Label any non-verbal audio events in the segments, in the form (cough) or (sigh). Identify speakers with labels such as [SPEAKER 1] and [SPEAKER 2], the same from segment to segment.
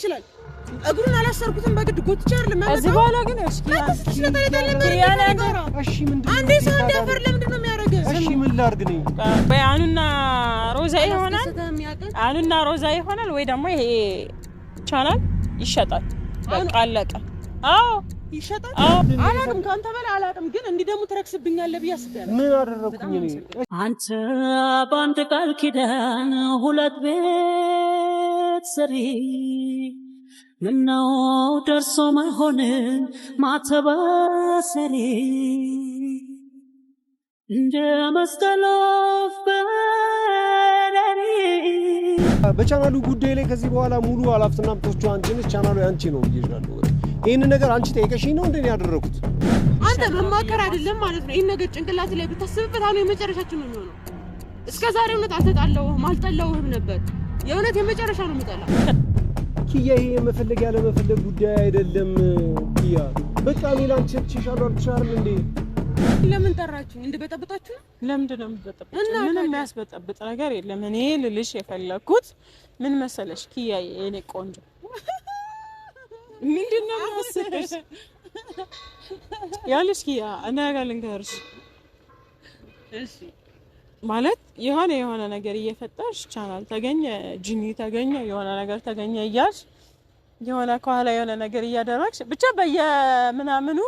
[SPEAKER 1] ይችላል። እግሩን አላሰርኩትም በግድ ጎትቼ አይደለም።
[SPEAKER 2] እዚህ ግን እሺ፣
[SPEAKER 1] አንዴ ሰው
[SPEAKER 3] እሺ፣ ምን ነኝ?
[SPEAKER 2] አኑና ሮዛ ይሆናል፣ አኑና ሮዛ ይሆናል፣ ወይ ደግሞ ይሄ ቻናል ይሸጣል። በቃ አለቀ። አዎ
[SPEAKER 1] ይሸጣል። አላቅም፣ ከአንተ በላይ አላቅም። ግን እንዲህ ደግሞ ትረክስብኛለህ ብዬ አስቤያለሁ።
[SPEAKER 3] ምን አደረኩኝ እኔ? አንተ በአንድ ቃል ኪዳን ሁለት ቤት ስሪ ምነው ደርሶ ማይሆን ማተባሰሪ እንደ መስቀል ወፍ በረሪ በቻናሉ ጉዳይ ላይ ከዚህ በኋላ ሙሉ ኃላፊነታችሁ አንቺ ነሽ። ቻናሉ አንቺ ነው ብዬሻለሁ። ይህን ነገር አንቺ ጠይቀሽኝ ነው እንደኔ ያደረኩት።
[SPEAKER 1] አንተ መማከር አይደለም ማለት ነው። ይህን ነገር ጭንቅላት ላይ ብታስብበት አሁን የመጨረሻችን ነው የሚሆነው። እስከ ዛሬ እውነት አልተጣለውህም አልጠላሁህም ነበር። የእውነት የመጨረሻ ነው የሚጠላ
[SPEAKER 3] ኪያ። ይሄ የመፈለግ ያለመፈለግ ጉዳይ አይደለም ኪያ። በቃ እኔ ላንቺ ትሻሉ አልትሻልም እንዴ
[SPEAKER 1] ለምን ጠራችሁኝ? እንድበጠብጣችሁ ነው?
[SPEAKER 2] ለምንድን ነው የምትበጠብጡት? ምንም የሚያስበጠብጥ ነገር የለም። እኔ ልልሽ የፈለግኩት ምን መሰለሽ ኪያ፣ የኔ ቆንጆ ምንድን ነው የምወስድሽ ያለሽ ኪያ እና ጋር እሺ ማለት የሆነ የሆነ ነገር እየፈጠርሽ ቻናል ተገኘ፣ ጂኒ ተገኘ፣ የሆነ ነገር ተገኘ እያልሽ የሆነ ከኋላ የሆነ ነገር እያደረግሽ ብቻ በየምናምኑ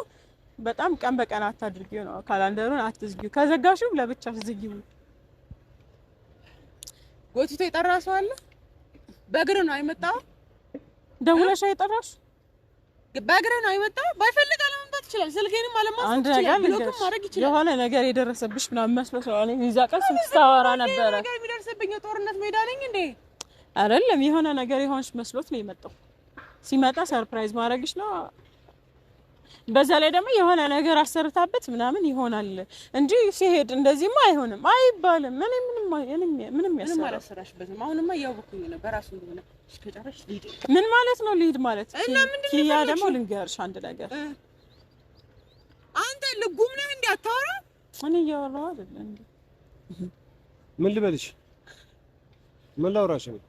[SPEAKER 2] በጣም ቀን በቀን አታድርጊው ነው። ካላንደሩን አትዝጊው። ከዘጋሽው ለብቻ ዝጊው።
[SPEAKER 1] ጎትቶ የጠራ ሰው አለ። በእግር ነው አይመጣም።
[SPEAKER 2] ደውለሽ የጠራሽ
[SPEAKER 1] በእግር ነው የወጣው። ባይፈልግ አለመምጣት ይችላል። ስልኬንም አለማንሳት
[SPEAKER 2] ይችላል። ብሎክም ማድረግ ይችላል። የሆነ ነገር የደረሰብሽ ምናምን መስሎ ስለሆነ እዛ ቀን ስታወራ ነበረ። ነገር
[SPEAKER 1] የሚደርስብኝ ጦርነት ሜዳ ነኝ እንዴ?
[SPEAKER 2] አይደለም። የሆነ ነገር የሆንሽ መስሎት ነው የመጣው። ሲመጣ ሰርፕራይዝ ማድረግሽ ነው በዛ ላይ ደግሞ የሆነ ነገር አሰርታበት ምናምን ይሆናል እንጂ ሲሄድ እንደዚህማ አይሆንም አይባልም። እኔ ምንም ምንም ምንም
[SPEAKER 1] ያሰራሽበትም አሁንማ እያወኩኝ ነው በራሱ እንደሆነ እስከጨረሽ ልሂድ
[SPEAKER 2] ምን ማለት ነው? ልሂድ ማለት ኪያ ደግሞ ልንገርሽ አንድ ነገር
[SPEAKER 1] አንተ ልጉም ነህ እንዴ? አታወራ
[SPEAKER 2] እኔ እያወራሁ አይደል እንዴ?
[SPEAKER 3] ምን ልበልሽ? ምን ላውራሽ ነው?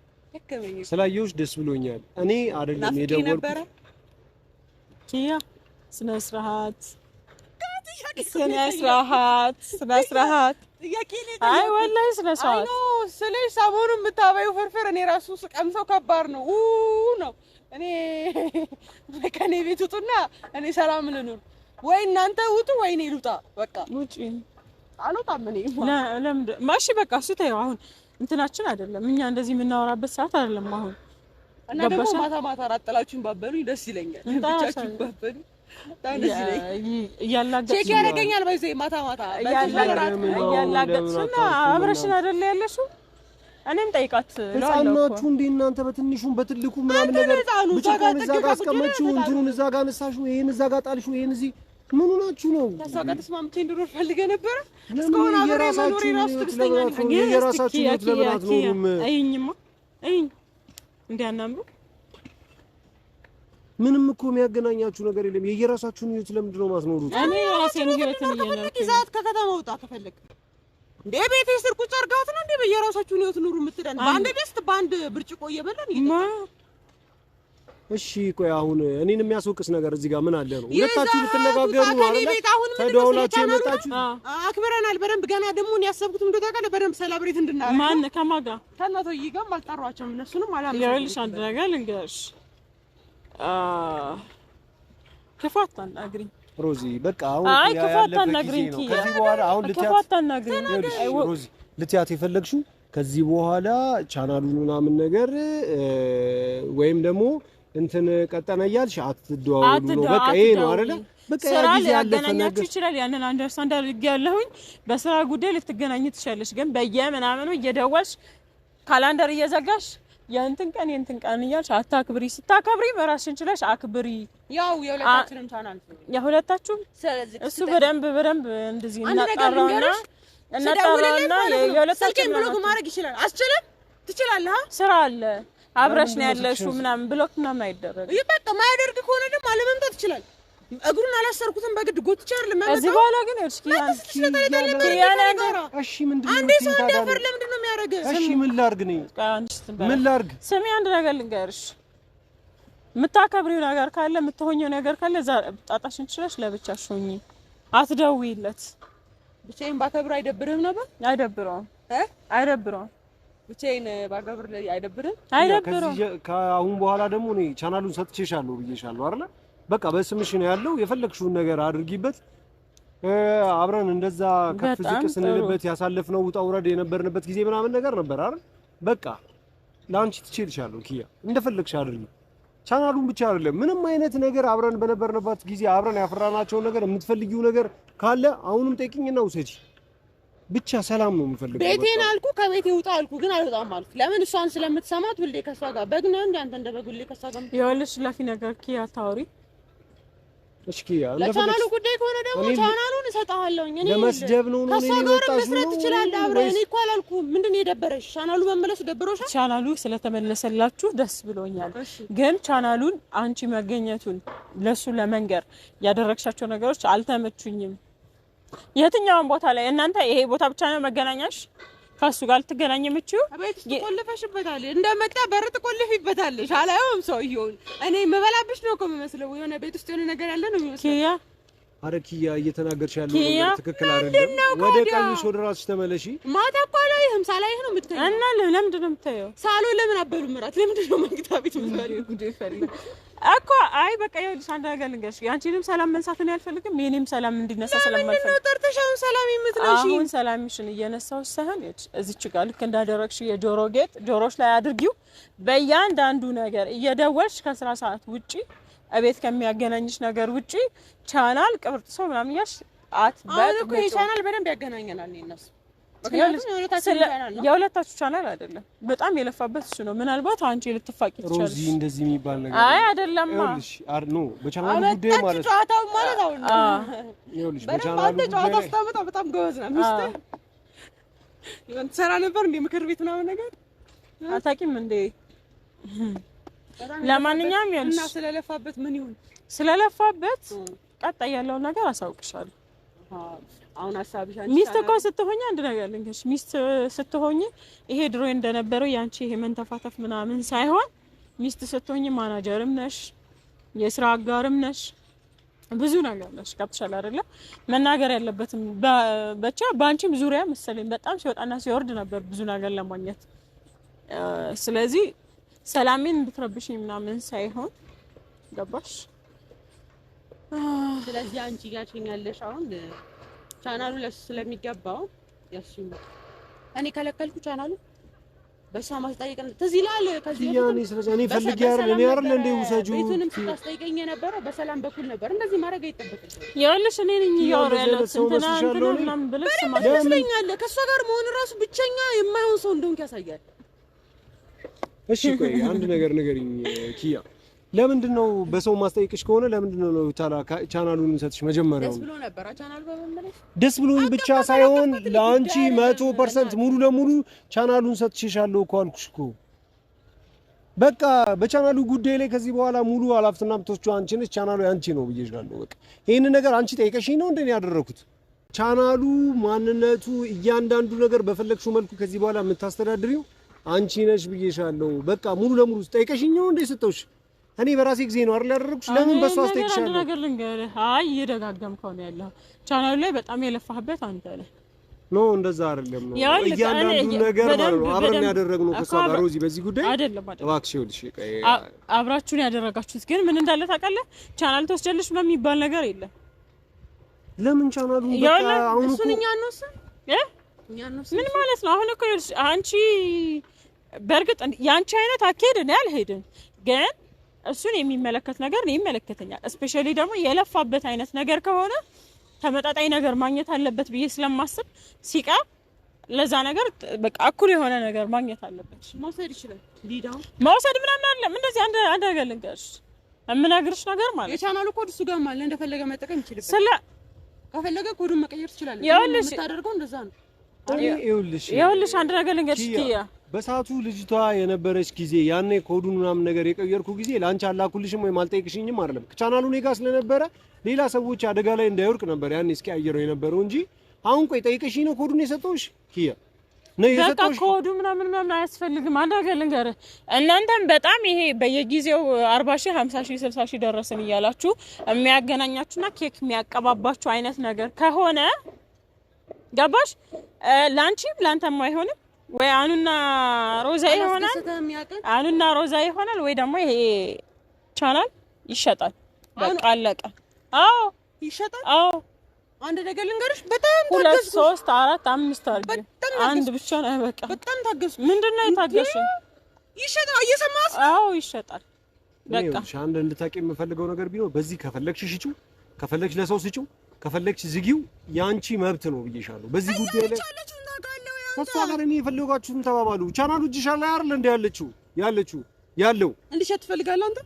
[SPEAKER 3] ስላየሁሽ ደስ ብሎኛል። እኔ አይደለም የደወልኩት
[SPEAKER 2] ኪያ ስነ ስርዓት ስነ ስርዓት ስነ ስርዓት አይ ወላሂ ስነ ስርዓት
[SPEAKER 1] ስለሽ ሰሞኑን የምታበዩ ፍርፍር እኔ ራሱ ስቀምሰው ከባድ ነው ነው እኔ ከኔ (laughs) ቤት ውጡና እኔ ሰላም ልኑር ወይ እናንተ ውጡ ወይ እኔ ልውጣ በቃ ውጪ አልወጣም እኔ
[SPEAKER 2] ለምንድን ማሽ በቃ እሱ ተይው አሁን እንትናችን አይደለም እኛ እንደዚህ የምናወራበት ሰዓት አይደለም አሁን
[SPEAKER 1] እና ደግሞ ማታ ማታ ራጥላችሁን ባበሉኝ ደስ ይለኛል ብቻችሁን ባበሉኝ ቼክ ያደርገኛል። በዚህ ማታ ማታ
[SPEAKER 2] አብረሽን አይደለ ያለሽው? እኔም ጠይቃት
[SPEAKER 3] ህጻናችሁ እንደ እናንተ በትንሹም በትልቁ ምናምን ነገር ብቻውን እዛ ጋር አስቀመጥሽው፣ እንትኑን እዛ ጋር ነሳሽው፣ ይሄን እዛ ጋር ጣልሽው፣ ይሄን እዚህ ምኑ ናችሁ ነው?
[SPEAKER 1] ተስማምቼ እንድኖር ፈልጌ ነበረ። እስካሁን የራሳችሁ
[SPEAKER 3] የራሳችሁ ለምን አትኖሩም?
[SPEAKER 2] አይኝማ አይኝ እንዲያናምሩ
[SPEAKER 3] ምንም እኮ የሚያገናኛችሁ ነገር የለም። የየራሳችሁን ህይወት ለምንድን ነው ማስኖሩት?
[SPEAKER 2] እኔ
[SPEAKER 1] ራሴን ህይወትን እየኖርኩ ይዛት ከከተማ ውጣ ከፈለክ እንዴ ቤቴ ስር ቁጭ አድርጋውት ነው እንዴ በየራሳችሁን ህይወት ኑሩ የምትለን። በአንድ ደስት በአንድ ብርጭቆ እየበላን
[SPEAKER 3] እሺ ቆይ አሁን እኔን የሚያስወቅስ ነገር እዚህ ጋር ምን አለ ነው? ሁለታችሁ ልትነጋገሩ
[SPEAKER 1] ነው አይደል? ተደዋውላችሁ የመጣችሁ አክብረናል በደንብ ገና ደግሞ እኔ ያሰብኩት እንደው ታውቃለህ፣ በደንብ ሰላብሬት እንድናደርግ
[SPEAKER 2] ማን ከማን ጋር
[SPEAKER 1] ከእናትዬ ጋር አልጠሯቸውም እነሱንም አላመሰለኝም።
[SPEAKER 2] ይኸውልሽ አንድ ነገር ልንገርሽ
[SPEAKER 3] ሮዚ፣ ከዚህ በኋላ ቻናሉን ምናምን ነገር ወይም ደግሞ እንትን እያልሽ አትደዋወሉ ነው። በቃ ይሄ ነው አይደለ?
[SPEAKER 2] ስራ ሊያገናኛችሁ ይችላል። ያንን አንደርስታንድ በስራ ጉዳይ ልትገናኝ ትችላለች፣ ግን በየምናምኑ እየደወልሽ ካላንደር እየዘጋሽ የእንትን ቀን የእንትን ቀን እያልሽ አታክብሪ። ስታከብሪ በራስሽን ችለሽ አክብሪ።
[SPEAKER 1] ያው የሁለታችንም ቻናል
[SPEAKER 2] የሁለታችሁም እሱ በደንብ በደንብ እንደዚህ
[SPEAKER 1] እናጣራውና
[SPEAKER 2] እናጣራውና
[SPEAKER 1] የሁለታችንም ብሎክ ማድረግ ይችላል። አስችልም ትችላለህ።
[SPEAKER 2] ስራ አለ አብረሽ ነው ያለሽው ምናምን ብሎክ ምናምን አይደረግ።
[SPEAKER 1] ይበቃ። ማያደርግ ከሆነ ደግሞ አለመምጣት ይችላል። እግሩን አላሰርኩትም በግድ ጎትቼ አይደለም
[SPEAKER 2] እዚህ በኋላ ግን እሺ፣
[SPEAKER 1] አንዴ ሰው
[SPEAKER 3] እሺ፣ ምን
[SPEAKER 2] ምን ስሚ አንድ ነገር ልንገርሽ። የምታከብሪው ነገር ካለ የምትሆኘው ነገር ካለ እዛ ጣጣሽን ችለሽ ለብቻሽ ሆኚ፣ አትደውይለት።
[SPEAKER 1] ብቻዬን ባከብር አይደብርም ነበር?
[SPEAKER 2] አይደብረውም፣ አይደብረውም
[SPEAKER 1] ብቻዬን ባከብር አይደብርም፣
[SPEAKER 2] አይደብረውም።
[SPEAKER 3] ከአሁን በኋላ ደግሞ እኔ ቻናሉን ሰጥቼሻለሁ ብዬሻለሁ አይደል በቃ በስምሽ ነው ያለው። የፈለግሽውን ነገር አድርጊበት። አብረን እንደዛ ከፍ ዝቅ ስንልበት ያሳለፍነው ውጣ ውረድ የነበርንበት ጊዜ ምናምን ነገር ነበር አይደል? በቃ ለአንቺ ትችልሻለሁ ኪያ፣ እንደፈለግሽ አድርጊ። ቻናሉን ብቻ አይደለም ምንም አይነት ነገር አብረን በነበርንበት ጊዜ አብረን ያፈራናቸውን ነገር የምትፈልጊው ነገር ካለ አሁንም ጠይቅኝና ውሰጂ። ብቻ ሰላም ነው የምፈልገው።
[SPEAKER 1] ቤቴን አልኩ ከቤቴ ውጣ አልኩ ግን አልወጣም አልኩ። ለምን? እሷን ስለምትሰማት ሁሌ ከሷ ጋር በግ ነው እንደ አንተ እንደ በግ ሁሌ ከሷ ጋር
[SPEAKER 2] ይኸውልሽ፣ ላፊ ነገር ኪያ ታውሪ
[SPEAKER 3] እስኪ
[SPEAKER 1] ለቻናሉ ጉዳይ ከሆነ ደግሞ ቻናሉን እሰጥሃለሁ። እኔ
[SPEAKER 3] ለመስደብ ነው
[SPEAKER 1] ነው ነው ነው መስራት ትችላለህ። አብረህ እኔ እኮ አላልኩም። ምንድን ነው የደበረሽ? ቻናሉ መመለሱ ደብሮሻል?
[SPEAKER 2] ቻናሉ ስለተመለሰላችሁ ደስ ብሎኛል። ግን ቻናሉን አንቺ መገኘቱን ለሱ ለመንገር ያደረግሻቸው ነገሮች አልተመቹኝም። የትኛውን ቦታ ላይ እናንተ ይሄ ቦታ ብቻ ነው መገናኛሽ ከሱ ጋር ልትገናኝ የምችው
[SPEAKER 1] ቤት ውስጥ ቆልፈሽበታል። እንደመጣ በር ትቆልፊበታለሽ። አላየውም ሰውየውን። እኔ መበላብሽ ነው እኮ የምመስለው። የሆነ ቤት ውስጥ የሆነ ነገር ያለ ነው
[SPEAKER 2] የሚመስለው
[SPEAKER 3] አረ ኪያ እየተናገርሽ ያለው ነገር ትክክል
[SPEAKER 1] አይደለም። ወደ
[SPEAKER 3] ቀልሽ ወደ ራስሽ ተመለሺ።
[SPEAKER 1] ማታ እኮ አላየህም ሳላየህ ነው የምታየው።
[SPEAKER 2] እና ለምንድን ነው የምታየው?
[SPEAKER 1] ሳሎን ለምን አበሉ ምራት ለምንድን ነው መኝታ ቤት የምትበለው? ጉዴ ፈላ
[SPEAKER 2] እኮ። አይ በቃ ይኸውልሽ፣ አንድ ነገር ልንገርሽ፣ የአንቺንም ሰላም መንሳት ነው ያልፈልግም፣ የእኔም ሰላም እንዲነሳ
[SPEAKER 1] ስለማልፈልግ ነው። ጠርተሽ አሁን ሰላም የምትነሺ?
[SPEAKER 2] አሁን ሰላምሽን እየነሳሁሽ ሳይሆን እዚች ጋር ልክ እንዳደረግሽ የጆሮ ጌጥ ጆሮሽ ላይ አድርጊው። በእያንዳንዱ ነገር እየደወልሽ ከስራ ሰዓት ውጪ እቤት ከሚያገናኝሽ ነገር ውጪ ቻናል ቅብርጥሶ ምናምን እያልሽ
[SPEAKER 1] ቻናል በደንብ ያገናኘናል እነሱ
[SPEAKER 2] የሁለታችሁ ቻናል አይደለም። በጣም የለፋበት እሱ ነው። ምናልባት አንቺ ልትፋቂ
[SPEAKER 3] ትችላለሽ። እንደዚህ የሚባል
[SPEAKER 2] ነገር አይ አይደለም።
[SPEAKER 3] በቻናሉ ጉዳይ
[SPEAKER 1] ማለት ጨዋታው ማለት አሁን ይኸውልሽ፣ በቻናሉ ጨዋታ ስታመጣ በጣም ጎበዝ ነው። ሚስትህ ትሰራ ነበር እንደ ምክር ቤት ምናምን ነገር
[SPEAKER 2] አታውቂም እንዴ? ለማንኛውም ይኸውልሽ
[SPEAKER 1] እና ስለለፋበት ምን ይሁን
[SPEAKER 2] ስለለፋበት ቀጣይ ያለውን ነገር አሳውቅሻለሁ። አሁን ሀሳብሻን ሚስት እኮ ስትሆኝ አንድ ነገር ልንገርሽ፣ ሚስት ስትሆኝ ይሄ ድሮ እንደነበረው ያንቺ ይሄ መንተፋተፍ ምናምን ሳይሆን ሚስት ስትሆኝ ማናጀርም ነሽ፣ የስራ አጋርም ነሽ፣ ብዙ ነገር ነሽ። ገብቶሻል አይደለ? መናገር ያለበትም ብቻ በአንቺም ዙሪያ መሰለኝ በጣም ሲወጣና ሲወርድ ነበር ብዙ ነገር ለማግኘት ስለዚህ ሰላሜን እንድትረብሽኝ ምናምን ሳይሆን ገባሽ?
[SPEAKER 1] ስለዚህ አንቺ ጋችኝ አሁን ቻናሉ ለሱ ስለሚገባው ያሱ እኔ ከለከልኩ ቻናሉ በሷ ማስጠይቅ ትዝ ይላል። ስታስጠይቀኝ በሰላም በኩል ነበር። እንደዚህ ማድረግ አይጠበቅም።
[SPEAKER 2] ይኸውልሽ እኔ ነኝ እያወራ
[SPEAKER 1] ምናምን ብለሽ ከእሷ ጋር መሆን ብቸኛ የማይሆን ሰው እንደሆንክ ያሳያል።
[SPEAKER 3] እሺ ቆይ አንድ ነገር ንገሪኝ ኪያ፣ ለምንድን ነው በሰው ማስጠየቅሽ? ከሆነ ለምንድን ነው ቻናሉን ሰጥሽ መጀመሪያው ደስ ብሎኝ ብቻ ሳይሆን ለአንቺ 100% ሙሉ ለሙሉ ቻናሉን ሰጥሽሻለሁ እኮ አልኩሽ እኮ። በቃ በቻናሉ ጉዳይ ላይ ከዚህ በኋላ ሙሉ ኃላፊነትና መብቶቹ አንቺ ነሽ፣ ቻናሉ ያንቺ ነው ብዬሻለሁ። በቃ ይሄን ነገር አንቺ ጠይቀሽኝ ነው እንደኔ ያደረኩት። ቻናሉ ማንነቱ፣ እያንዳንዱ ነገር በፈለግሽው መልኩ ከዚህ በኋላ የምታስተዳድሪው አንቺ ነሽ ብዬሻለሁ። በቃ ሙሉ ለሙሉ ስጠይቀሽኝ ነው እንዴ ስጠውሽ? እኔ በራሴ ጊዜ ነው አይደል ያደረኩሽ።
[SPEAKER 2] ለምን በሷ አስተይቅሻለሁ? ነገር ልንገርህ። አይ እየደጋገምከው ነው ያለው። ቻናሉ ላይ በጣም የለፋህበት አንተ ነህ።
[SPEAKER 3] ኖ እንደዛ አይደለም። ነው እያንዳንዱ ነገር ማለት ነው አብረን ያደረግነው ከሷ ጋር ሮዚ፣ በዚህ ጉዳይ አይደለም እባክሽ። ይኸውልሽ
[SPEAKER 2] አብራችሁን ያደረጋችሁት ግን ምን እንዳለ ታውቃለህ? ቻናል ተወስጀልሽ ምናምን የሚባል ነገር የለም።
[SPEAKER 3] ለምን ቻናሉ በቃ አሁን
[SPEAKER 1] እሱን እኛ እንወስን
[SPEAKER 2] እ ምን ማለት ነው አሁን እኮ ይኸውልሽ አንቺ በእርግጥ የአንቺ አይነት አካሄድ እኔ አልሄድም፣ ግን እሱን የሚመለከት ነገር ነው ይመለከተኛል። እስፔሻሊ ደግሞ የለፋበት አይነት ነገር ከሆነ ተመጣጣኝ ነገር ማግኘት አለበት ብዬ ስለማስብ ሲቃ ለዛ ነገር በቃ እኩል የሆነ ነገር ማግኘት አለበት። መውሰድ ይችላል መውሰድ ምናምን አለም እንደዚህ አንድ አንድ ነገር ልንገርሽ የምነግርሽ ነገር ማለት
[SPEAKER 1] የቻናሉ ኮድ እሱ ጋር ማለት እንደፈለገ መጠቀም ይችላል። ስለ ከፈለገ ኮዱን መቀየር ትችላለህ። ይኸውልሽ የምታደርገው እንደዛ ነው።
[SPEAKER 2] ይኸውልሽ አንድ ነገር ልንገርሽ ትያ
[SPEAKER 3] በሰዓቱ ልጅቷ የነበረች ጊዜ ያኔ ኮዱን ምናምን ነገር የቀየርኩ ጊዜ ለአንቺ አላኩልሽም ወይም አልጠይቅሽኝም አይደለም። ቻናሉ እኔ ጋ ስለነበረ ሌላ ሰዎች አደጋ ላይ እንዳይወርቅ ነበር ያኔ እስኪ አየረው የነበረው እንጂ አሁን ቆይ ጠይቅሽኝ ነው ኮዱን የሰጠውሽ ኪያ
[SPEAKER 2] በቃ ኮዱ ምናምን ምናምን አያስፈልግም። አንድ ነገር እናንተም በጣም ይሄ በየጊዜው አርባ ሺህ ሀምሳ ሺህ ስልሳ ሺህ ደረስን እያላችሁ የሚያገናኛችሁና ኬክ የሚያቀባባችሁ አይነት ነገር ከሆነ ገባሽ፣ ለአንቺም ለአንተም አይሆንም ወይ አኑና ሮዛ ይሆናል፣ አኑና ሮዛ ይሆናል፣ ወይ ደግሞ ይሄ ቻናል ይሸጣል። በቃ አለቀ። አዎ ይሸጣል። አዎ
[SPEAKER 1] አንድ ነገር ልንገርሽ፣ በጣም
[SPEAKER 2] ሁለት ሶስት አራት አምስት አድርጊ። አንድ ብቻ ነው በቃ።
[SPEAKER 1] በጣም ታገስ።
[SPEAKER 2] ምንድን ነው የታገስሽው?
[SPEAKER 1] ይሸጣል። እየሰማሁሽ።
[SPEAKER 2] አዎ ይሸጣል።
[SPEAKER 3] በቃ አንድ እንድታቂ የምፈልገው ነገር ቢኖር በዚህ ከፈለግሽ ሽጪው፣ ከፈለግሽ ለሰው ስጪው፣ ከፈለግሽ ዝጊው፣ ያንቺ መብት ነው ብዬሻለሁ በዚህ ጉዳይ ላይ ከሷ ጋር እኔ የፈለጋችሁትን ተባባሉ። ቻናሉ እጅሻል ላይ አይደል እንደ ያለችው ያለችው ያለው
[SPEAKER 1] እንድሸጥ ትፈልጋለህ አንተ?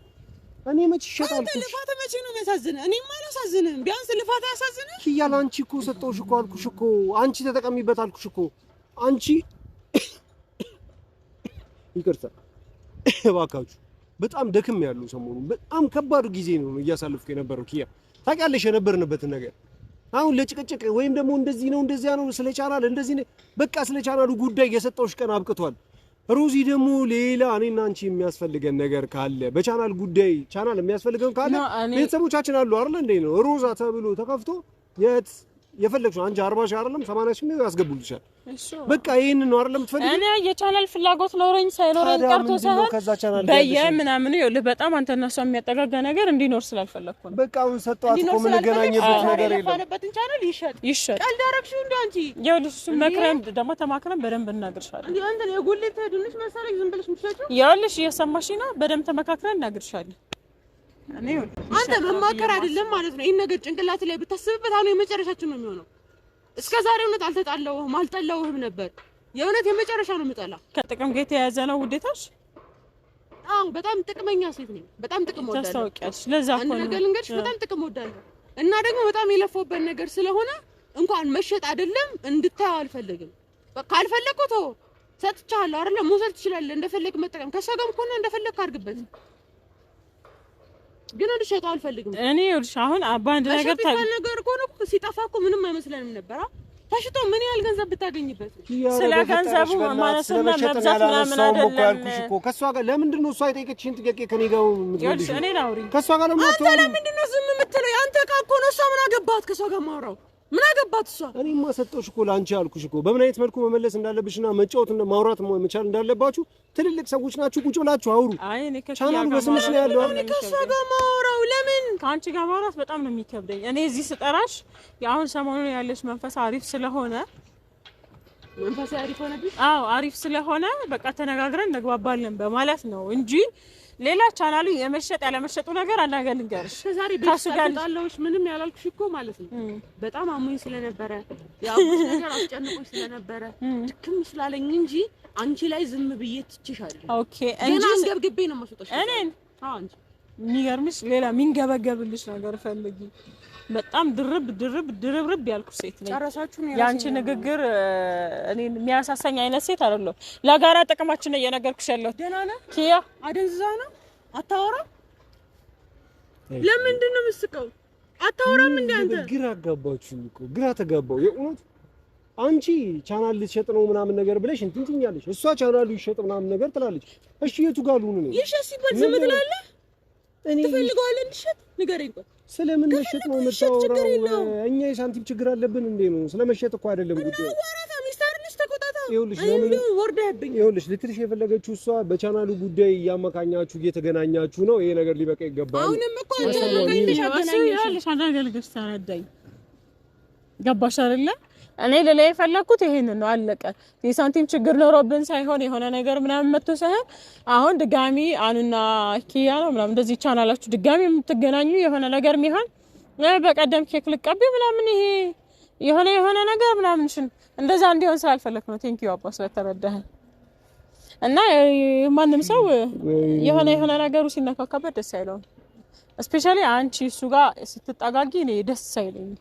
[SPEAKER 1] እኔ መች ይሸጣል? አንተ ልፋት መቼ ነው የሚያሳዝንህ? እኔማ አላሳዝንህም። ቢያንስ ልፋት አያሳዝንህ
[SPEAKER 3] እያለ አንቺ እኮ ሰጠሁሽ እኮ አልኩሽ እኮ አንቺ ተጠቀሚበት አልኩሽ እኮ አንቺ። ይቅርታ እባካችሁ፣ በጣም ደክም ያለው ሰሞኑን በጣም ከባዱ ጊዜ ነው እያሳልፍኩ የነበረው ኪያ። ታውቂያለሽ የነበርንበትን ነገር አሁን ለጭቅጭቅ ወይም ደግሞ እንደዚህ ነው እንደዚያ ነው ስለ ቻናል እንደዚህ ነው በቃ ስለ ቻናሉ ጉዳይ የሰጠውሽ ቀን አብቅቷል። ሮዚ ደግሞ ሌላ እኔና አንቺ የሚያስፈልገን ነገር ካለ በቻናል ጉዳይ ቻናል የሚያስፈልገን ካለ ቤተሰቦቻችን አሉ አይደል? እንዴ ነው ሮዛ ተብሎ ተከፍቶ የት የፈለግሽው አንቺ 40 ሺህ አይደለም 80 ሺህ ያስገቡልሻል። በቃ ይሄን ነው አይደል የምትፈልገው?
[SPEAKER 1] እኔ የቻናል ፍላጎት ኖረኝ ሳይኖረኝ ቀርቶ ሳይሆን
[SPEAKER 2] በየ ምናምን ይኸውልህ፣ በጣም አንተ እና እሷ የሚያጠጋጋ ነገር እንዲኖር ስላልፈለኩ
[SPEAKER 3] ነው። በቃ አሁን ሰጠኋት እኮ የምንገናኝበት
[SPEAKER 1] ነገር የለም። ይሸጥ ይሸጥ አልዳረግሽው እንደ አንቺ
[SPEAKER 2] ይኸውልህ፣ እሱ መክረን ደግሞ ተማክረን በደንብ እናግርሻለን። ይኸውልሽ እየሰማሽኝ ነው። በደንብ ተመካክረን እናግርሻለን።
[SPEAKER 1] አንተ መማከር አይደለም ማለት ነው። ይሄን ነገር ጭንቅላት ላይ ብታስብበት አሁን የመጨረሻችን ነው የሚሆነው እስከ ዛሬ እውነት አልተጣላሁህም አልጠላሁህም ነበር። የእውነት የመጨረሻ ነው የምጠላ።
[SPEAKER 2] ከጥቅም ጋር የተያያዘ ነው ውዴታሽ?
[SPEAKER 1] አዎ በጣም ጥቅመኛ ሴት ነኝ። በጣም ጥቅም ወዳለሁ።
[SPEAKER 2] ታስታውቂያለሽ። ለዛ እኮ
[SPEAKER 1] ነው ነገር ልንገርሽ፣ በጣም ጥቅም ወዳለሁ እና ደግሞ በጣም የለፈውበት ነገር ስለሆነ እንኳን መሸጥ አይደለም እንድታየው አልፈልግም። ካልፈለኩት ሰጥቻለሁ አይደለም፣ መውሰድ ትችላለህ፣ እንደፈለግ መጠቀም ከሰገም ከሆነ እንደፈለግ አድርግበት። ግን ልሸጠው አልፈልግም።
[SPEAKER 2] እኔ ይኸውልሽ አሁን በአንድ
[SPEAKER 1] ነገር ነገር እኮ ነው ሲጠፋ እኮ ምንም አይመስለንም ነበር። ተሽጦ ምን ያህል ገንዘብ ብታገኝበት።
[SPEAKER 2] ስለ ገንዘቡ ማለትና
[SPEAKER 3] መብዛት ምናምን አይደለም እኮ ከእሷ ጋር ለምንድን ነው እሷ የጠየቀችሽን ጥያቄ ከእኔ ጋር
[SPEAKER 2] የምትመልሺው?
[SPEAKER 1] ከእሷ ጋር ለምንድን ነው ዝም የምትለው? የአንተ ዕቃ እኮ ነው። እሷ ምን አገባት ከእሷ ጋር የማወራው ምን አገባት እሷ?
[SPEAKER 3] እኔማ ሰጠሁሽ እኮ ለአንቺ አልኩሽ እኮ በምን አይነት መልኩ መመለስ እንዳለብሽና መጫወት ማውራት መቻል እንዳለባችሁ ትልልቅ ሰዎች ናችሁ፣ ቁጭ ብላችሁ አውሩ። አይ እኔ ቻናሉ በስምሽ ነው ያለው።
[SPEAKER 1] እኔ ከእሷ ጋር ማውራው ለምን?
[SPEAKER 2] ከአንቺ ጋር ማውራት በጣም ነው የሚከብደኝ። እኔ እዚህ ስጠራሽ የአሁን ሰሞኑን ያለሽ መንፈስ አሪፍ ስለሆነ
[SPEAKER 1] መንፈስ አሪፍ ሆነብኝ።
[SPEAKER 2] አዎ አሪፍ ስለሆነ በቃ ተነጋግረን እንግባባለን በማለት ነው እንጂ ሌላ ቻናሉ የመሸጥ ያለመሸጡ ነገር አናገር ልንገርሽ።
[SPEAKER 1] ከዛሬ ቤተሰብጣለዎች ምንም ያላልኩሽ እኮ ማለት ነው። በጣም አሞኝ ስለነበረ ያው ነገር አስጨንቆኝ ስለነበረ ድክም ስላለኝ እንጂ አንቺ ላይ ዝም ብዬ ትችሻለሁ። ኦኬ እንጂ አንገብግቤ ነው የማስወጣሽ
[SPEAKER 2] እኔን። አዎ እንጂ የሚገርምሽ ሌላ ነገር ፈልጊ በጣም ድርብ ድርብ ድርብርብ ያልኩ ሴት
[SPEAKER 1] ነኝ። ነው
[SPEAKER 2] ያንቺ ንግግር እኔ የሚያሳሳኝ አይነት ሴት አይደለሁ። ለጋራ ጥቅማችን ነው እየነገርኩሽ ያለሁት። ደህና ነህ ኪያ?
[SPEAKER 1] አደንዝዛ ነው አታወራም። ለምንድን ነው የምትስቀው? አታወራም እንዴ አንተ?
[SPEAKER 3] ግራ አጋባችሁ እኮ ግራ ተጋባው። የእውነት አንቺ ቻናል ልትሸጥ ነው ምናምን ነገር ብለሽ እንትን ትኛለሽ። እሷ ቻናሉ ይሸጥ ምናምን ነገር ትላለች። እሺ የቱ ጋር ልሁን ነው
[SPEAKER 1] ይሸጥ ሲባል ዝም ትላለህ? ትፈልገዋለህ እንዲሸጥ ንገረኝ ቆይ
[SPEAKER 3] ስለምን መሸጥ ነው የምታወራው? እኛ የሳንቲም ችግር አለብን እንዴ? ነው ስለመሸጥ እኮ አይደለም ጉዳዩ። ይኸውልሽ ልትልሽ የፈለገችው እሷ በቻናሉ ጉዳይ እያመካኛችሁ እየተገናኛችሁ ነው። ይሄ ነገር ሊበቃ ይገባል።
[SPEAKER 1] አሁንም እኮ
[SPEAKER 2] ገባሽ አይደለ እኔ ልላ የፈለግኩት ይሄን ነው። አለቀ። የሳንቲም ችግር ኖሮብን ሳይሆን የሆነ ነገር ምናምን መጥቶ ሳይሆን አሁን ድጋሚ አኑና ኪያ ነው ምናምን እንደዚህ ቻናላችሁ ድጋሚ የምትገናኙ የሆነ ነገር የሚሆን በቀደም ኬክ ልቀቢ ምናምን ይሄ የሆነ የሆነ ነገር ምናምን ሽን እንደዛ እንዲሆን ስላልፈለክ ነው። ቴንክ ዩ አባ ስለተረዳኸኝ እና ማንም ሰው የሆነ የሆነ ነገሩ ሲነካካበት ደስ አይለውም። ስፔሻሊ አንቺ እሱ ጋር ስትጠጋጊ እኔ ደስ አይለኝም።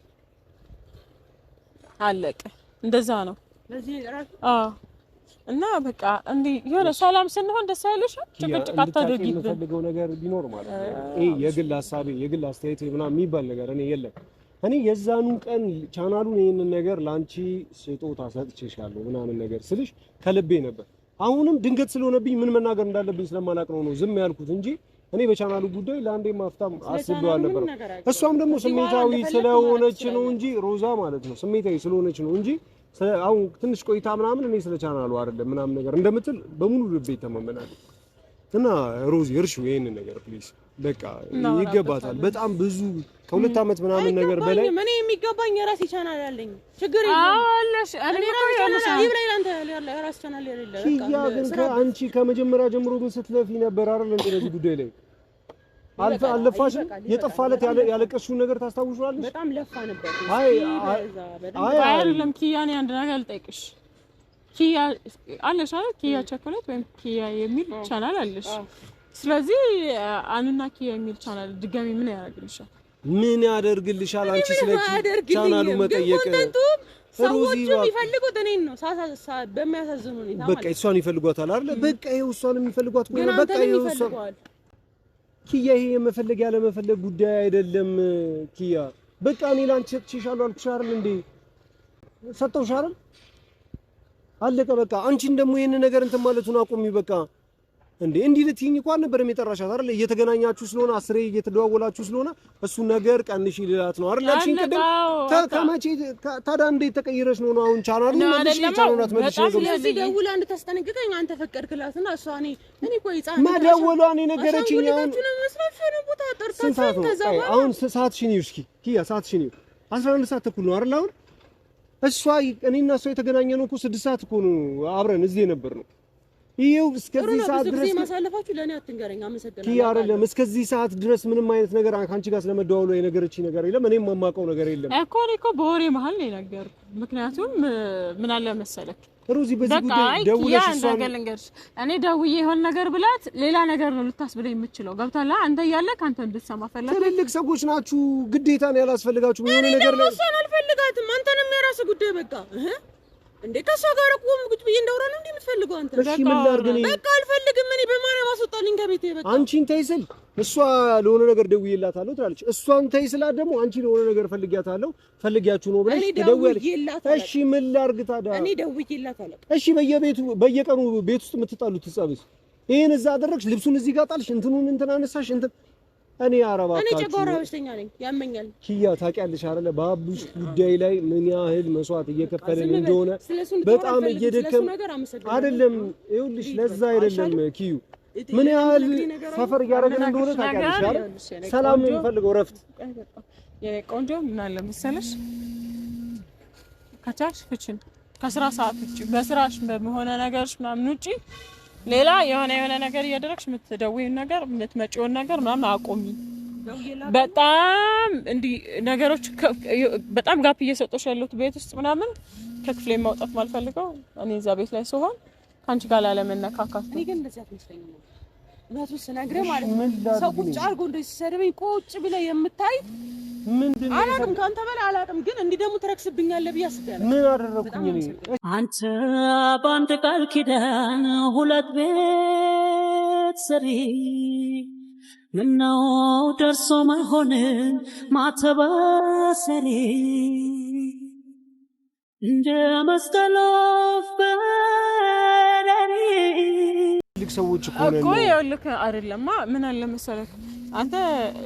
[SPEAKER 2] አለቀ። እንደዛ ነው እና በቃ እንዲ የሆነ ሰላም ስንሆን ደስ አይልሽም?
[SPEAKER 3] ጭቅጭቅ አታደርጊ። የምፈልገው ነገር ቢኖር ማለት ነው ይሄ የግል ሀሳቤ የግል አስተያየት ምናምን የሚባል ነገር እኔ የለም። እኔ የዛኑ ቀን ቻናሉን ይህንን ነገር ለአንቺ ስጦታ ሰጥቼሻለሁ ምናምን ነገር ስልሽ ከልቤ ነበር። አሁንም ድንገት ስለሆነብኝ ምን መናገር እንዳለብኝ ስለማላቅ ነው ነው ዝም ያልኩት እንጂ እኔ በቻናሉ ጉዳይ ለአንዴ ማፍታም አስቤው አልነበረም። እሷም ደግሞ ስሜታዊ ስለሆነች ነው እንጂ ሮዛ ማለት ነው ስሜታዊ ስለሆነች ነው እንጂ አሁን ትንሽ ቆይታ ምናምን እኔ ስለ ቻናሉ አይደለም ምናምን ነገር እንደምትል በሙሉ ልቤ ተማመናለሁ። እና ሮዚ እርሺው ይሄንን ነገር ፕሊዝ በቃ ይገባታል። በጣም ብዙ ከሁለት ዓመት ምናምን ነገር በላይ
[SPEAKER 1] ምን የሚገባኝ የራሴ ቻናል አለኝ። ችግር የለም።
[SPEAKER 3] አንቺ ከመጀመሪያ ጀምሮ ግን ስትለፊ ነበር አይደል? እንደዚህ ጉዳይ ላይ አልፋ አልፋሽም። የጠፋለት ያለቀሽውን ነገር ታስታውሻለሽ?
[SPEAKER 1] በጣም ለፋ ነበር።
[SPEAKER 3] አይ አይ
[SPEAKER 2] አይደለም ኪያኔ፣ አንድ ነገር ልጠይቅሽ ኪያ አለሽ አይደል? ኪያ ቸኮሌት ወይም ኪያ የሚል ቻናል አለሽ ስለዚህ አኑናኪ የሚል ቻናል ድጋሚ ምን ያደርግልሻል?
[SPEAKER 3] ምን ያደርግልሻል? አንቺ ስለዚህ ቻናሉ መጠየቅ
[SPEAKER 1] ሰዎቹ የሚፈልጉት እኔን ነው። ሳሳ በሚያሳዝኑ ሁኔታ
[SPEAKER 3] በቃ እሷን ይፈልጓታል አይደል? በቃ ይኸው እሷን የሚፈልጓት ነው።
[SPEAKER 1] በቃ ይኸው እሷን
[SPEAKER 3] ኪያ፣ ይሄ የመፈለግ ያለ መፈለግ ጉዳይ አይደለም። ኪያ በቃ እኔ ላንቺ ሰጥቼሻለሁ አልኩሽ አይደል እንዴ? ሰጠውሽ አይደል? አለቀ በቃ። አንቺን ደግሞ ይሄን ነገር እንትን ማለቱን አቁሚ በቃ። እንዴ እንዲህ ልትይኝ እንኳን ነበር የጠራሻት አይደል? እየተገናኛችሁ ስለሆነ አስሬ እየተደዋወላችሁ ስለሆነ እሱ ነገር ቀንሽ ይልላት ነው አይደል? አንቺ ቅድም ከመቼ ታዲያ እንዴት ተቀይረሽ ነው ነው አሁን ቻና አይደል?
[SPEAKER 2] መልሽ
[SPEAKER 1] ቻናውናት መልሽ ነው ስለዚህ ደውላ እንድታስጠነቅቀኝ አንተ ፈቀድክላት ፈቀድክላትና እሷ እኔ እኔ ቆይ ጻን
[SPEAKER 3] መደወሏ እኔ
[SPEAKER 1] ነገረችኝ። አሁን
[SPEAKER 3] አሁን ሰዓትሽን ይኸው እስኪ ኪያ ሰዓትሽን ይኸው አስራ አንድ ሰዓት ተኩል ነው አይደል? አሁን እሷ እኔና እሷ የተገናኘነው እኮ ስድስት ሰዓት እኮ ነው አብረን እዚህ የነበር ነው ይሄው
[SPEAKER 1] እስከዚህ ሰዓት ድረስ ማሳለፋችሁ ለእኔ አትንገረኝ። አመሰግናለሁ
[SPEAKER 3] ኪያ። አይደለም እስከዚህ ሰዓት ድረስ ምንም አይነት ነገር ከአንቺ ጋር ስለመደዋወሉ የነገረችኝ ነገር የለም። እኔም የማውቀው ነገር የለም
[SPEAKER 2] እኮ እኔ እኮ በወሬ መሀል ነው የነገሩ። ምክንያቱም ምን አለ መሰለክ ሮዚ፣ በዚህ ጉዳይ ደውለሽ እሷን እኔ ደውዬ የሆነ ነገር ብላት ሌላ ነገር ነው ልታስብለኝ የምችለው። ገብታላ አንተ እያለህ አንተ እንድትሰማ ፈለግህ።
[SPEAKER 3] ትልልቅ ሰዎች ናችሁ፣ ግዴታ ነው ያላስፈልጋችሁ
[SPEAKER 1] የሆነ ነገር ላይ እሷን አልፈልጋትም። አንተንም የራስህ ጉዳይ በቃ እንዴት ከሷ ጋር እኮ ቁጭ ብዬ እንዳውራ ነው እንዴ የምትፈልገው አንተ?
[SPEAKER 3] እሺ ምን ላድርግ እኔ?
[SPEAKER 1] በቃ አልፈልግም እኔ በማን ማስወጣልኝ ከቤቴ? በቃ
[SPEAKER 3] አንቺን ተይ ስል እሷ ለሆነ ነገር ደውዬላታለሁ ትላለች። እሷን ተይ ስላት ደግሞ አንቺ ለሆነ ነገር ፈልጊያታለሁ ፈልጊያችሁ ነው
[SPEAKER 1] ብለሽ ትደውያለሽ።
[SPEAKER 3] እሺ ምን ላድርግ ታዲያ?
[SPEAKER 1] እኔ ደውዬላታለሁ።
[SPEAKER 3] እሺ በየቤቱ በየቀኑ ቤት ውስጥ የምትጣሉት ትጻብስ ይሄን እዛ አደረግሽ፣ ልብሱን እዚህ ጋር ጣልሽ፣ እንትኑን እንትን አነሳሽ እንትን እኔ አረባ እኔ
[SPEAKER 1] ጨጓራ በሽተኛ ነኝ፣ ያመኛል።
[SPEAKER 3] ኪያ ታውቂያለሽ አይደለ? በአቡሽ ጉዳይ ላይ ምን ያህል መስዋዕት እየከፈልን እንደሆነ በጣም እየደከም አይደለም። ይኸውልሽ ለዛ አይደለም ኪዩ፣ ምን ያህል ሰፈር እያደረግን እንደሆነ ታውቂያለሽ አይደል? ሰላም ነው የሚፈልገው እረፍት። ቆንጆ ምን አለ መሰለሽ፣ ከቻልሽ ፍችን ከስራ ሰዓት ውጪ በስራሽ በሆነ ነገርሽ ምናምን ውጪ ሌላ የሆነ የሆነ ነገር እያደረግሽ የምትደውይውን ነገር የምትመጪውን ነገር ምናምን አቆሚ። በጣም እንዲህ ነገሮች በጣም ጋፕ እየሰጦች ያሉት ቤት ውስጥ ምናምን ከክፍሌ ማውጣት ማልፈልገው እኔ እዛ ቤት ላይ ስሆን ከአንቺ ጋር ላለመነካካት ነው። እውነቱን ስነግርህ ማለት ነው ሰው ቁጭ አድርጎ እንደዚህ ሲሰድበኝ ቁጭ ብለህ የምታይ አላቅም ከአንተ በላይ አላቅም። ግን እንዲህ ደግሞ ትረክስብኛለህ ብዬ አስቤያለሁ። ምን አደረግኩኝ? አንተ በአንድ ቃል ኪዳን ሁለት ቤት ሰሪ ምነው ደርሶ ማይሆን ማተባሰሪ እንደ መስቀል ወፍ በረሪ ትልልቅ ሰዎች እኮ ነው እኮ ይኸውልህ፣ አይደለማ ምን አለ መሰለህ አንተ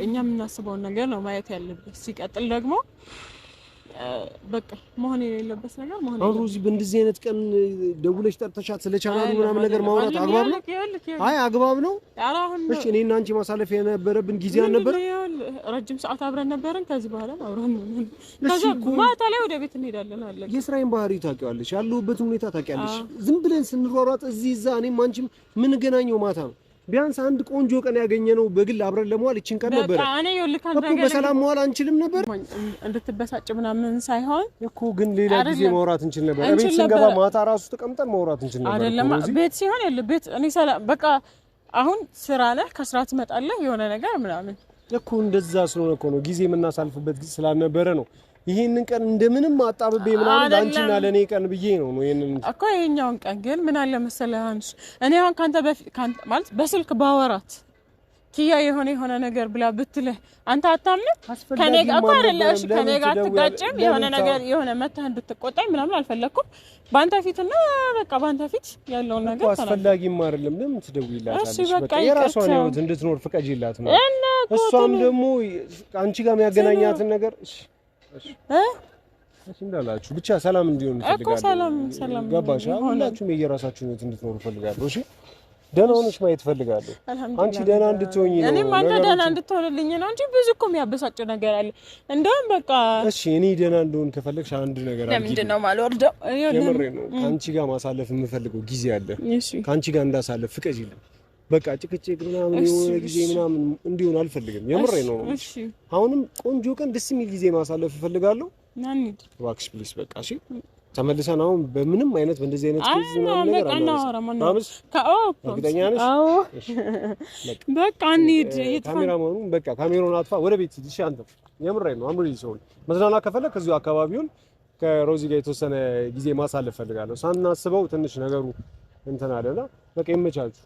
[SPEAKER 3] እኛ የምናስበውን ነገር ነው ማየት ያለብህ። ሲቀጥል ደግሞ በቃ መሆን የሌለበት ነገር መሆን አሁን ሮዚ በእንደዚህ አይነት ቀን ደውለሽ ጠርተሻት ስለ ቻናሉ ምናምን ነገር ማውራት አግባብ ነው? አይ አግባብ ነው። እሺ እኔ እና አንቺ ማሳለፍ የነበረብን ጊዜ አልነበረ ረጅም ሰዓት አብረን ነበርን። ከዚህ በኋላ አብረን ነን። ከዛ ማታ ላይ ወደ ቤት እንሄዳለን አለ። የስራዬን ባህሪ ታውቂዋለሽ፣ ያለሁበትን ሁኔታ ታውቂያለሽ። ዝም ብለን ስንሯሯጥ እዚህ እዛ፣ እኔም አንቺም የምንገናኘው ማታ ነው። ቢያንስ አንድ ቆንጆ ቀን ያገኘነው በግል አብረን ለመዋል ይችን ቀን ነበረ በሰላም መዋል አንችልም ነበር እንድትበሳጭ ምናምን ሳይሆን እኮ ግን ሌላ ጊዜ ማውራት እንችል ነበር። ቤት ስንገባ ማታ ራሱ ተቀምጠን ማውራት እንችል ነበር። አይደለም ቤት ሲሆን ቤት እኔ በቃ አሁን ስራ ነህ፣ ከስራ ትመጣለህ፣ የሆነ ነገር ምናምን እኮ እንደዛ ስለሆነ እኮ ነው ጊዜ የምናሳልፍበት ጊዜ ስላልነበረ ነው። ይሄንን ቀን እንደምንም አጣብቤ ምናምን አንቺና ለኔ ቀን ብዬ ነው ነው ይሄንን እኮ ይሄኛውን ቀን ግን ምን አለ መሰለህ አንቺ እኔ አሁን ካንተ በፊት ማለት በስልክ ባወራት ኪያ የሆነ የሆነ ነገር ብላ ብትል አንተ አታምንም። ከኔ ጋር እኮ አይደለም እሺ፣ ከኔ ጋር አትጋጭም። የሆነ ነገር የሆነ መታህ እንድትቆጣኝ ምናምን አልፈለኩም። በአንተ እና በቃ በአንተ ፊት ያለውን ነገር ተናግረህ አስፈላጊም አይደለም። ለምን ትደውይላታለሽ? በቃ የራሷን ህይወት እንድትኖር ፍቀጂላት ነው። እሷም ደግሞ አንቺ ጋር የሚያገናኛትን ነገር እሺ፣ እሺ እንዳላችሁ ብቻ ሰላም እንዲሆን እፈልጋለሁ። ገባሽ? ሁላችሁም የየራሳችሁ ህይወት እንድትኖሩ እፈልጋለሁ። እሺ ደህና ሆነሽ ማየት ፈልጋለሁ። አንቺ ደህና እንድትሆኝ ነው። እኔም አንተ ደህና እንድትሆንልኝ ነው እንጂ ብዙ እኮ የሚያበሳጭ ነገር አለ። እንደውም በቃ እሺ፣ እኔ ደህና እንደሆን ከፈለግሽ አንድ ነገር አለ። ምንድን ነው የማልወርደው? ከአንቺ ጋር ማሳለፍ የምፈልገው ጊዜ አለ። ከአንቺ ጋር እንዳሳለፍ ፍቀጂልኝ። በቃ ጭቅጭቅ ምናምን የሆነ ጊዜ ምናምን እንዲሆን አልፈልግም። የምሬ ነው። አሁንም ቆንጆ ቀን ደስ የሚል ጊዜ ማሳለፍ እፈልጋለሁ። እባክሽ ፕሊስ፣ በቃ እሺ ተመልሰን አሁን በምንም አይነት በእንደዚህ አይነት ኬዝ ምናምን ነገር (laughs) በቃ እንሂድ። ካሜራማኑ በቃ ካሜራውን አጥፋ፣ ወደ ቤት ሂድ። እሺ አንተ የምራይ ነው አምሪ ሲሆን መዝናናት ከፈለክ ከዚሁ አካባቢውን ከሮዚ ጋር የተወሰነ ጊዜ ማሳለፍ ፈልጋለሁ። ሳናስበው ትንሽ ነገሩ እንትን አለና በቃ ይመቻችሁ።